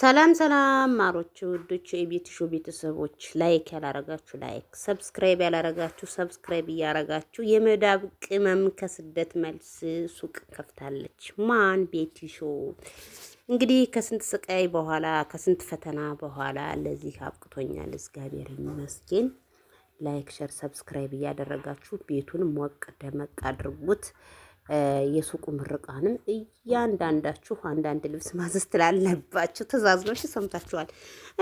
ሰላም ሰላም ማሮች ውዶች የቤትሾ ቤተሰቦች ላይክ ያላረጋችሁ ላይክ፣ ሰብስክራይብ ያላረጋችሁ ሰብስክራይብ እያረጋችሁ የመዳብ ቅመም ከስደት መልስ ሱቅ ከፍታለች። ማን ቤትሾ እንግዲህ ከስንት ስቃይ በኋላ ከስንት ፈተና በኋላ ለዚህ አብቅቶኛል። እግዚአብሔር ይመስገን። ላይክ፣ ሸር፣ ሰብስክራይብ እያደረጋችሁ ቤቱን ሞቅ ደመቅ አድርጉት። የሱቁ ምርቃንም እያንዳንዳችሁ አንዳንድ ልብስ ማዘዝ ትላለባችሁ። ትእዛዝ ነው ሰምታችኋል።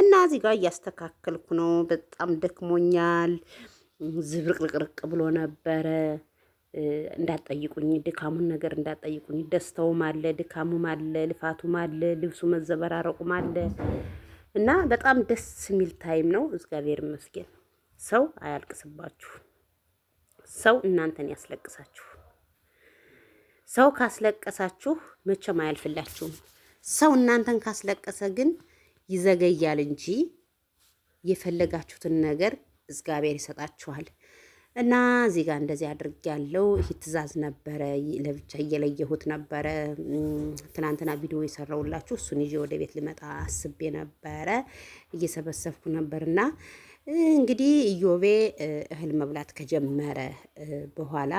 እና እዚህ ጋር እያስተካከልኩ ነው። በጣም ደክሞኛል። ዝብርቅርቅርቅ ብሎ ነበረ። እንዳጠይቁኝ ድካሙን ነገር እንዳጠይቁኝ ደስታውም አለ፣ ድካሙም አለ፣ ልፋቱም አለ፣ ልብሱ መዘበራረቁም አለ እና በጣም ደስ የሚል ታይም ነው። እግዚአብሔር ይመስገን። ሰው አያልቅስባችሁ፣ ሰው እናንተን ያስለቅሳችሁ። ሰው ካስለቀሳችሁ መቼም አያልፍላችሁም። ሰው እናንተን ካስለቀሰ ግን ይዘገያል እንጂ የፈለጋችሁትን ነገር እግዚአብሔር ይሰጣችኋል። እና እዚህ ጋር እንደዚህ አድርግ ያለው ይህ ትእዛዝ ነበረ። ለብቻ እየለየሁት ነበረ። ትናንትና ቪዲዮ የሰራውላችሁ እሱን ይዤ ወደ ቤት ልመጣ አስቤ ነበረ። እየሰበሰብኩ ነበርና እንግዲህ ኢዮቤ እህል መብላት ከጀመረ በኋላ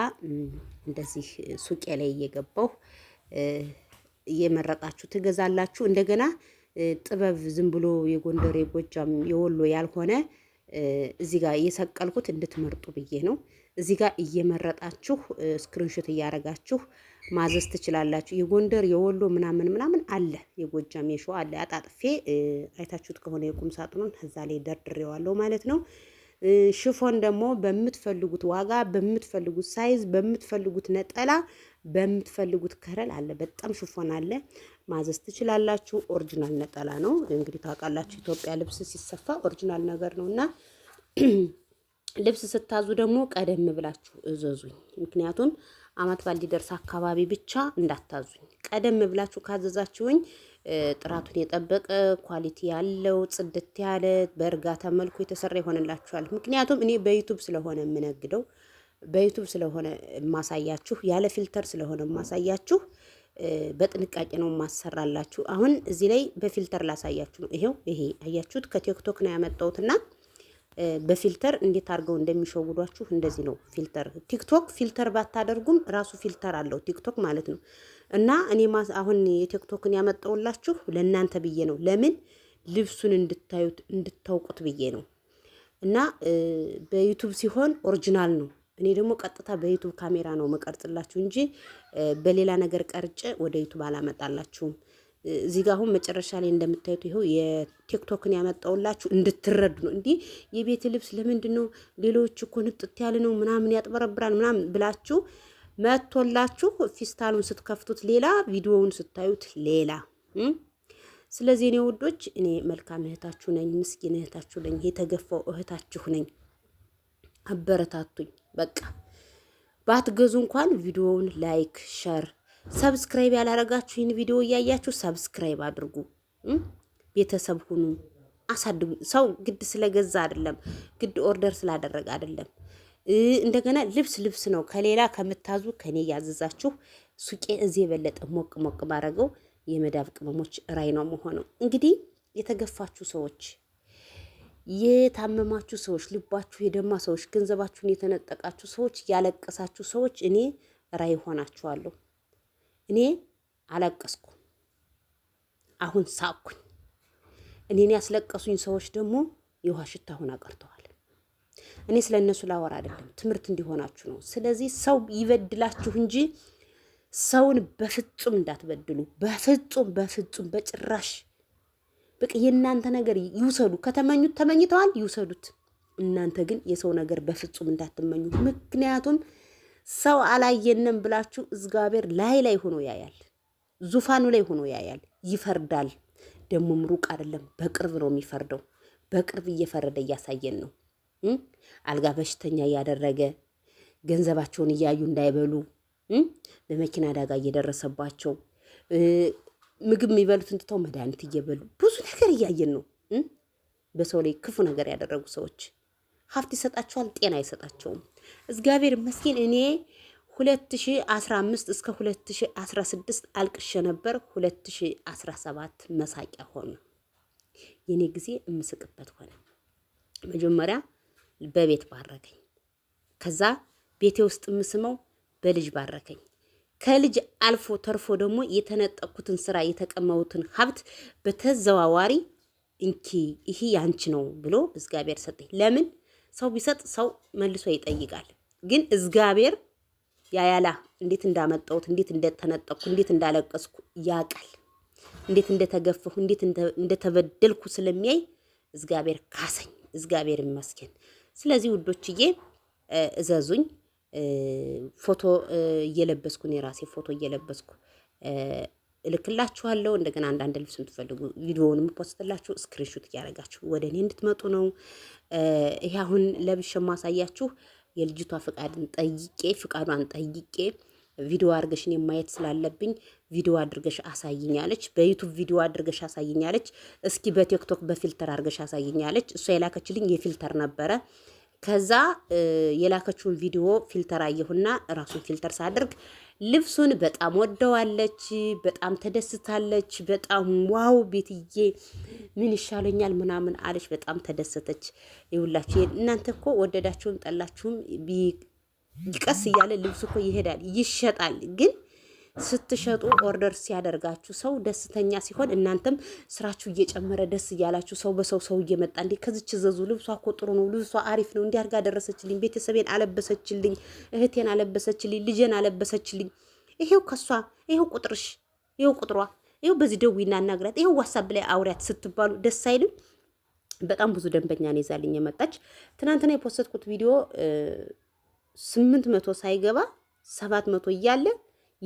እንደዚህ ሱቄ ላይ እየገባሁ እየመረጣችሁ ትገዛላችሁ። እንደገና ጥበብ ዝም ብሎ የጎንደር፣ የጎጃም፣ የወሎ ያልሆነ እዚህ ጋር እየሰቀልኩት እንድትመርጡ ብዬ ነው። እዚህ ጋር እየመረጣችሁ ስክሪንሾት እያረጋችሁ ማዘዝ ትችላላችሁ። የጎንደር የወሎ ምናምን ምናምን አለ፣ የጎጃም የሸዋ አለ። አጣጥፌ አይታችሁት ከሆነ የቁም ሳጥኑን እዛ ላይ ደርድሬዋለሁ ማለት ነው። ሽፎን ደግሞ በምትፈልጉት ዋጋ፣ በምትፈልጉት ሳይዝ፣ በምትፈልጉት ነጠላ፣ በምትፈልጉት ከረል አለ። በጣም ሽፎን አለ፣ ማዘዝ ትችላላችሁ። ኦሪጂናል ነጠላ ነው እንግዲህ ታውቃላችሁ፣ ኢትዮጵያ ልብስ ሲሰፋ ኦሪጂናል ነገር ነው እና ልብስ ስታዙ ደግሞ ቀደም ብላችሁ እዘዙኝ። ምክንያቱም አመት ባል ሊደርስ አካባቢ ብቻ እንዳታዙኝ። ቀደም ብላችሁ ካዘዛችሁኝ ጥራቱን የጠበቀ ኳሊቲ ያለው ጽድት ያለ በእርጋታ መልኩ የተሰራ ይሆንላችኋል። ምክንያቱም እኔ በዩቱብ ስለሆነ የምነግደው በዩቱብ ስለሆነ የማሳያችሁ፣ ያለ ፊልተር ስለሆነ የማሳያችሁ በጥንቃቄ ነው ማሰራላችሁ። አሁን እዚህ ላይ በፊልተር ላሳያችሁ ነው። ይሄው ይሄ አያችሁት፣ ከቲክቶክ ነው ያመጣሁትና በፊልተር እንዴት አድርገው እንደሚሸውዷችሁ እንደዚህ ነው። ፊልተር ቲክቶክ ፊልተር ባታደርጉም ራሱ ፊልተር አለው ቲክቶክ ማለት ነው። እና እኔ አሁን የቲክቶክን ያመጣውላችሁ ለእናንተ ብዬ ነው። ለምን ልብሱን እንድታዩት እንድታውቁት ብዬ ነው። እና በዩቱብ ሲሆን ኦሪጂናል ነው። እኔ ደግሞ ቀጥታ በዩቱብ ካሜራ ነው መቀርጽላችሁ እንጂ በሌላ ነገር ቀርጬ ወደ ዩቱብ አላመጣላችሁም። እዚህ ጋር አሁን መጨረሻ ላይ እንደምታዩት ይኸው የቲክቶክን ያመጣውላችሁ እንድትረዱ ነው። እንዲህ የቤት ልብስ ለምንድን ነው ሌሎች እኮ ንጥት ያለ ነው ምናምን ያጥበረብራል ምናምን ብላችሁ መጥቶላችሁ ፊስታሉን ስትከፍቱት ሌላ፣ ቪዲዮውን ስታዩት ሌላ። ስለዚህ እኔ ውዶች እኔ መልካም እህታችሁ ነኝ፣ ምስኪን እህታችሁ ነኝ፣ የተገፋው እህታችሁ ነኝ። አበረታቱኝ። በቃ ባትገዙ እንኳን ቪዲዮውን ላይክ ሸር ሰብስክራይብ ያላረጋችሁ ይህን ቪዲዮ እያያችሁ ሰብስክራይብ አድርጉ፣ ቤተሰብ ሁኑ፣ አሳድጉ። ሰው ግድ ስለገዛ አይደለም፣ ግድ ኦርደር ስላደረገ አይደለም። እንደገና ልብስ ልብስ ነው። ከሌላ ከምታዙ ከኔ ያዘዛችሁ ሱቄ እዚህ የበለጠ ሞቅ ሞቅ ባረገው የመዳብ ቅመሞች ራይ ነው መሆነው። እንግዲህ የተገፋችሁ ሰዎች፣ የታመማችሁ ሰዎች፣ ልባችሁ የደማ ሰዎች፣ ገንዘባችሁን የተነጠቃችሁ ሰዎች፣ ያለቀሳችሁ ሰዎች እኔ ራይ ሆናችኋለሁ። እኔ አለቀስኩ። አሁን ሳቅኩኝ። እኔን ያስለቀሱኝ ሰዎች ደግሞ የውሃ ሽታ ሆና ቀርተዋል። እኔ ስለ እነሱ ላወራ አይደለም፣ ትምህርት እንዲሆናችሁ ነው። ስለዚህ ሰው ይበድላችሁ እንጂ ሰውን በፍጹም እንዳትበድሉ። በፍጹም በፍጹም በጭራሽ። በቃ የእናንተ ነገር ይውሰዱ። ከተመኙት ተመኝተዋል፣ ይውሰዱት። እናንተ ግን የሰው ነገር በፍጹም እንዳትመኙ። ምክንያቱም ሰው አላየንም ብላችሁ እግዚአብሔር ላይ ላይ ሆኖ ያያል፣ ዙፋኑ ላይ ሆኖ ያያል፣ ይፈርዳል። ደግሞም ሩቅ አይደለም፣ በቅርብ ነው የሚፈርደው። በቅርብ እየፈረደ እያሳየን ነው። አልጋ በሽተኛ እያደረገ ገንዘባቸውን እያዩ እንዳይበሉ በመኪና አደጋ እየደረሰባቸው ምግብ የሚበሉትን እንትተው መድኃኒት እየበሉ ብዙ ነገር እያየን ነው። በሰው ላይ ክፉ ነገር ያደረጉ ሰዎች ሀብት ይሰጣቸዋል፣ ጤና አይሰጣቸውም። እግዚአብሔር ይመስገን እኔ 2015 እስከ 2016 አልቅሸ ነበር። 2017 መሳቂያ ሆነ። የኔ ጊዜ እምስቅበት ሆነ። መጀመሪያ በቤት ባረከኝ። ከዛ ቤቴ ውስጥ እምስመው በልጅ ባረከኝ። ከልጅ አልፎ ተርፎ ደግሞ የተነጠቅኩትን ስራ የተቀመውትን ሀብት በተዘዋዋሪ እንኪ ይሄ ያንቺ ነው ብሎ እግዚአብሔር ሰጠኝ። ለምን ሰው ቢሰጥ ሰው መልሶ ይጠይቃል። ግን እግዚአብሔር ያያላ እንዴት እንዳመጣሁት፣ እንዴት እንደተነጠቅኩ፣ እንዴት እንዳለቀስኩ ያቃል እንዴት እንደተገፈሁ፣ እንዴት እንደተበደልኩ ስለሚያይ እግዚአብሔር ካሰኝ። እግዚአብሔር ይመስገን። ስለዚህ ውዶችዬ እዘዙኝ። ፎቶ እየለበስኩ ነው ራሴ ፎቶ እየለበስኩ እልክላችኋለሁ። እንደገና አንዳንድ ልብስ የምትፈልጉ ቪዲዮውን የምፖስትላችሁ ስክሪንሹት እያደረጋችሁ ወደ እኔ እንድትመጡ ነው። ይሄ አሁን ለብሽ ማሳያችሁ የልጅቷ ፍቃድን ጠይቄ ፍቃዷን ጠይቄ ቪዲዮ አድርገሽ እኔ ማየት ስላለብኝ ቪዲዮ አድርገሽ አሳይኛለች። በዩቱብ ቪዲዮ አድርገሽ አሳይኛለች። እስኪ በቲክቶክ በፊልተር አድርገሽ አሳይኛለች። እሷ የላከችልኝ የፊልተር ነበረ። ከዛ የላከችውን ቪዲዮ ፊልተር አየሁና ራሱን ፊልተር ሳድርግ ልብሱን በጣም ወደዋለች፣ በጣም ተደስታለች። በጣም ዋው ቤትዬ ምን ይሻለኛል ምናምን አለች። በጣም ተደሰተች። ይውላችሁ እናንተ እኮ ወደዳችሁም ጠላችሁም ቢቀስ እያለ ልብሱ እኮ ይሄዳል፣ ይሸጣል ግን ስትሸጡ ኦርደር ሲያደርጋችሁ ሰው ደስተኛ ሲሆን እናንተም ስራችሁ እየጨመረ ደስ እያላችሁ ሰው በሰው ሰው እየመጣ እንዴ ከዚች ዘዙ ልብሷ እኮ ጥሩ ነው፣ ልብሷ አሪፍ ነው፣ እንዲህ አድርጋ ደረሰችልኝ፣ ቤተሰቤን አለበሰችልኝ፣ እህቴን አለበሰችልኝ፣ ልጄን አለበሰችልኝ። ይሄው ከሷ ይሄው ቁጥርሽ ይሄው ቁጥሯ ይሄው በዚህ ደዊ እናናግራት ይሄው ዋሳብ ላይ አውሪያት ስትባሉ ደስ አይልም? በጣም ብዙ ደንበኛ ነው ይዛልኝ የመጣች። ትናንትና የፖሰትኩት ቪዲዮ ስምንት መቶ ሳይገባ ሰባት መቶ እያለ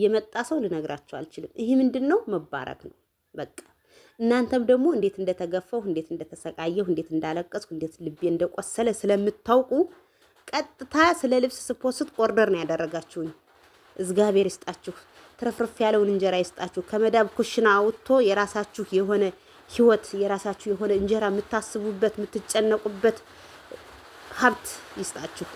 የመጣ ሰው ልነግራቸው አልችልም። ይህ ምንድን ነው? መባረክ ነው በቃ። እናንተም ደግሞ እንዴት እንደተገፈው፣ እንዴት እንደተሰቃየሁ፣ እንዴት እንዳለቀስኩ፣ እንዴት ልቤ እንደቆሰለ ስለምታውቁ ቀጥታ ስለ ልብስ ስፖስት ኦርደር ነው ያደረጋችሁኝ። እግዚአብሔር ይስጣችሁ፣ ትረፍርፍ ያለውን እንጀራ ይስጣችሁ። ከመዳብ ኩሽና አውጥቶ የራሳችሁ የሆነ ህይወት የራሳችሁ የሆነ እንጀራ የምታስቡበት የምትጨነቁበት ሀብት ይስጣችሁ።